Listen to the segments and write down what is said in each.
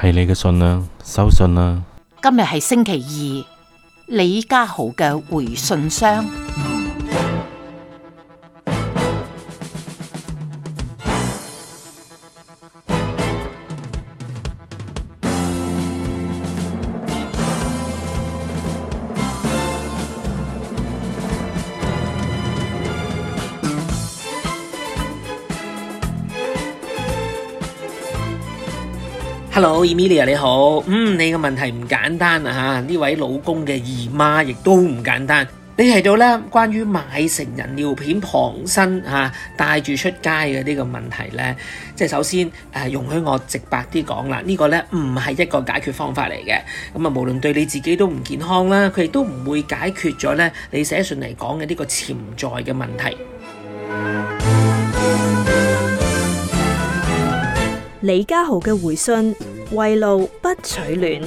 係你嘅信啦，收信啦。今日係星期二，李家豪嘅回信箱。Hello，Emilia 你好。嗯，你嘅問題唔簡單啊吓，呢位老公嘅姨媽亦都唔簡單。你提到咧，關於買成人尿片旁身吓，啊、帶住出街嘅呢個問題咧，即係首先誒，啊，容許我直白啲講啦，這個、呢個咧唔係一個解決方法嚟嘅。咁啊，無論對你自己都唔健康啦，佢亦都唔會解決咗咧你寫信嚟講嘅呢個潛在嘅問題。李家豪嘅回信：圍爐不取暖。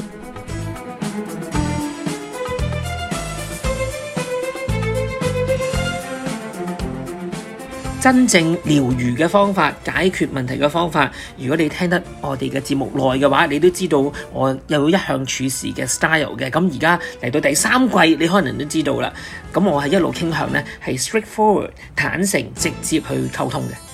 真正療愈嘅方法，解決問題嘅方法。如果你聽得我哋嘅節目耐嘅話，你都知道我有一向處事嘅 style 嘅。咁而家嚟到第三季，你可能都知道啦。咁我係一路傾向呢，係 straightforward、坦誠、直接去溝通嘅。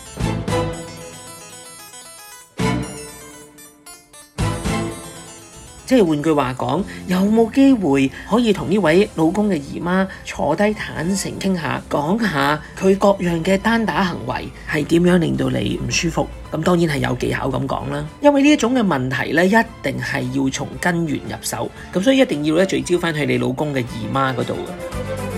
即係換句話講，有冇機會可以同呢位老公嘅姨媽坐低坦誠傾下，講下佢各樣嘅單打行為係點樣令到你唔舒服？咁當然係有技巧咁講啦，因為呢一種嘅問題咧，一定係要從根源入手，咁所以一定要咧聚焦翻去你老公嘅姨媽嗰度啊。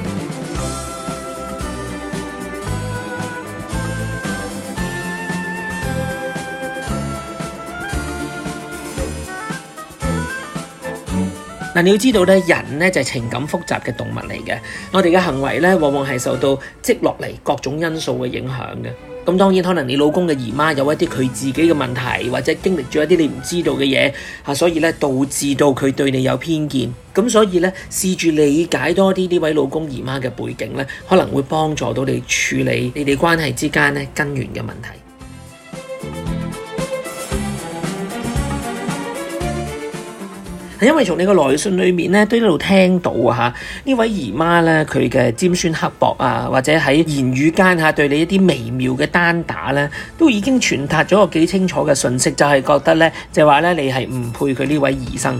嗱，你要知道咧，人咧就係情感複雜嘅動物嚟嘅。我哋嘅行為咧，往往係受到積落嚟各種因素嘅影響嘅。咁當然可能你老公嘅姨媽有一啲佢自己嘅問題，或者經歷咗一啲你唔知道嘅嘢吓，所以咧導致到佢對你有偏見。咁所以咧，試住理解多啲呢位老公姨媽嘅背景咧，可能會幫助到你處理你哋關係之間咧根源嘅問題。因為從你個來信裏面咧，都一路聽到啊，呢位姨媽咧，佢嘅尖酸刻薄啊，或者喺言語間吓對你一啲微妙嘅單打咧，都已經傳達咗個幾清楚嘅信息，就係、是、覺得咧，就話咧，你係唔配佢呢位姨甥。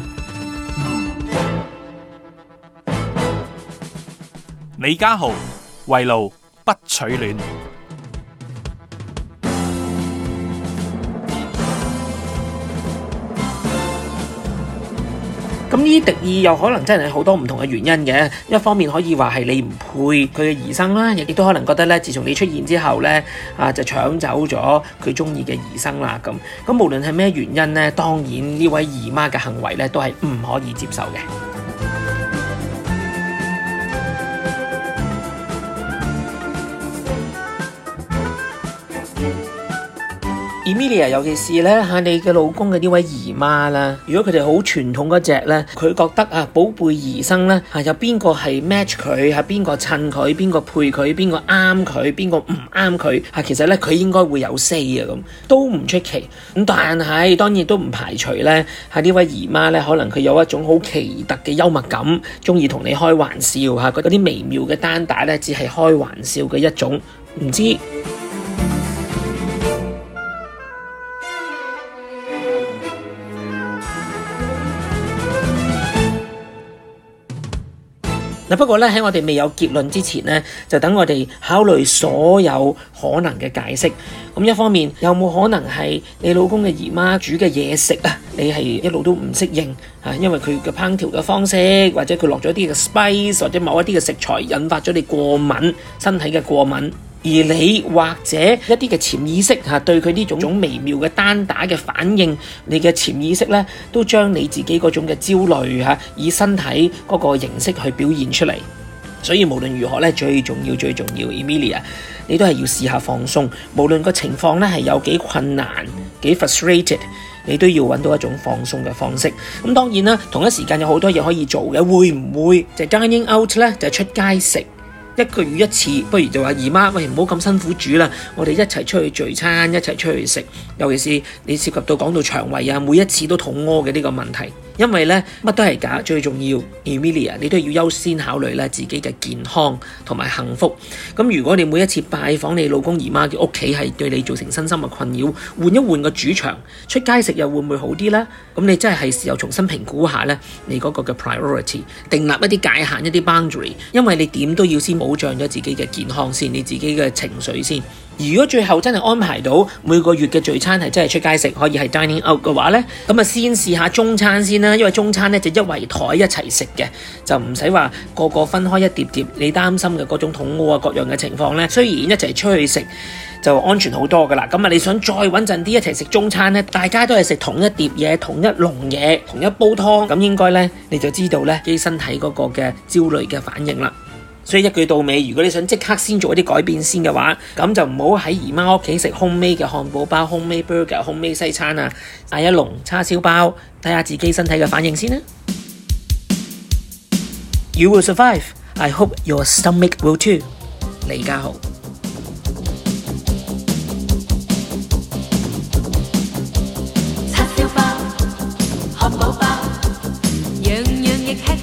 李家豪，為奴不取暖。咁呢啲敵意又可能真係好多唔同嘅原因嘅，一方面可以話係你唔配佢嘅姨甥啦，亦都可能覺得咧，自從你出現之後咧，啊就搶走咗佢鍾意嘅姨甥啦，咁咁無論係咩原因呢，當然呢位姨媽嘅行為咧都係唔可以接受嘅。Emilia，尤其是咧嚇、啊、你嘅老公嘅呢位姨媽啦，如果佢哋好傳統嗰隻咧，佢覺得啊，寶貝兒生咧嚇、啊，有邊個係 match 佢，係邊個襯佢，邊個配佢，邊個啱佢，邊個唔啱佢嚇，其實咧佢應該會有四啊咁，都唔出奇。咁但係當然都唔排除咧，係、啊、呢位姨媽咧，可能佢有一種好奇特嘅幽默感，鍾意同你開玩笑嚇，嗰、啊、啲微妙嘅單打咧，只係開玩笑嘅一種，唔知。嗱，不過呢，喺我哋未有結論之前呢，就等我哋考慮所有可能嘅解釋。咁一方面，有冇可能係你老公嘅姨媽煮嘅嘢食啊？你係一路都唔適應啊，因為佢嘅烹調嘅方式，或者佢落咗啲嘅 spice，或者某一啲嘅食材，引發咗你過敏，身體嘅過敏。而你或者一啲嘅潛意識嚇、啊、對佢呢種種微妙嘅單打嘅反應，你嘅潛意識呢，都將你自己嗰種嘅焦慮嚇、啊、以身體嗰個形式去表現出嚟。所以無論如何咧，最重要最重要，Emilia，你都係要試下放鬆。無論個情況咧係有幾困難幾 frustrated，你都要揾到一種放鬆嘅方式。咁當然啦，同一時間有好多嘢可以做嘅，會唔會就 dining out 咧就出街食？一個月一次，不如就話姨媽，喂唔好咁辛苦煮啦，我哋一齊出去聚餐，一齊出去食，尤其是你涉及到講到腸胃呀，每一次都肚屙嘅呢個問題。因為咧，乜都係假，最重要，Emilia，你都要優先考慮咧自己嘅健康同埋幸福。咁如果你每一次拜訪你老公姨媽嘅屋企係對你造成身心嘅困擾，換一換個主場，出街食又會唔會好啲呢？咁你真係係時候重新評估下呢，你嗰個嘅 priority，定立一啲界限一啲 boundary，因為你點都要先保障咗自己嘅健康先，你自己嘅情緒先。如果最後真係安排到每個月嘅聚餐係真係出街食，可以係 dining out 嘅話呢，咁啊先試下中餐先啦，因為中餐呢，就一圍台一齊食嘅，就唔使話個個分開一碟碟，你擔心嘅嗰種肚痾啊各樣嘅情況呢，雖然一齊出去食就安全好多噶啦，咁啊你想再穩陣啲一齊食中餐呢，大家都係食同一碟嘢、同一籠嘢、同一煲湯，咁應該呢，你就知道咧，自己身體嗰個嘅焦慮嘅反應啦。所以一句到尾，如果你想即刻先做一啲改變先嘅話，咁就唔好喺姨媽屋企食 home made 嘅漢堡包、home made burger、home made 西餐啊！嗌一籠叉燒包，睇下自己身體嘅反應先啦。You will survive. I hope your stomach will too. 李家豪。叉燒包、漢堡包，樣樣亦吃。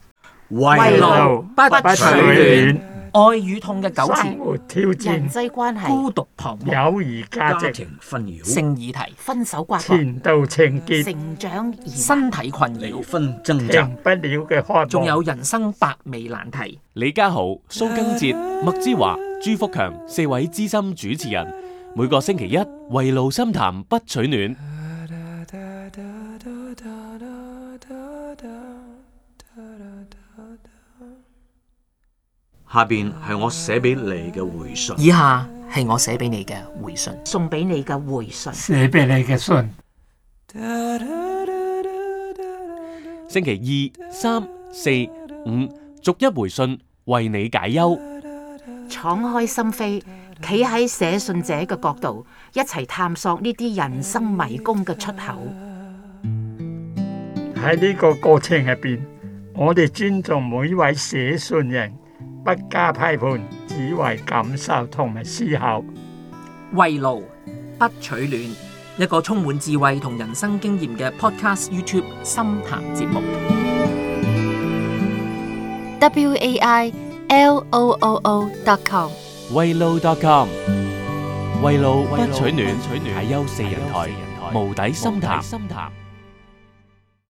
圍爐不取暖，愛與痛嘅糾纏，生活挑戰、人際關係、孤獨彷徨、友誼家、家庭分離、性議題、分手關懷、前度情結、成長、身體困擾、分正、停不了嘅仲有人生百味難題。李家豪、蘇根哲、麥之華、朱福強四位資深主持人，每個星期一《圍爐心談》不取暖。下邊係我寫俾你嘅回信。以下係我寫俾你嘅回信，送俾你嘅回信，寫俾你嘅信。星期二、三、四、五逐一回信，為你解憂。敞開心扉，企喺寫信者嘅角度，一齊探索呢啲人生迷宮嘅出口。喺呢個過程入邊。我哋尊重每一位寫信人，不加批判，只為感受同埋思考。慰勞不取暖，一個充滿智慧同人生經驗嘅 Podcast YouTube 深談節目。wailoo.com 慰勞 .com 慰勞不取暖係優四人台無底深談。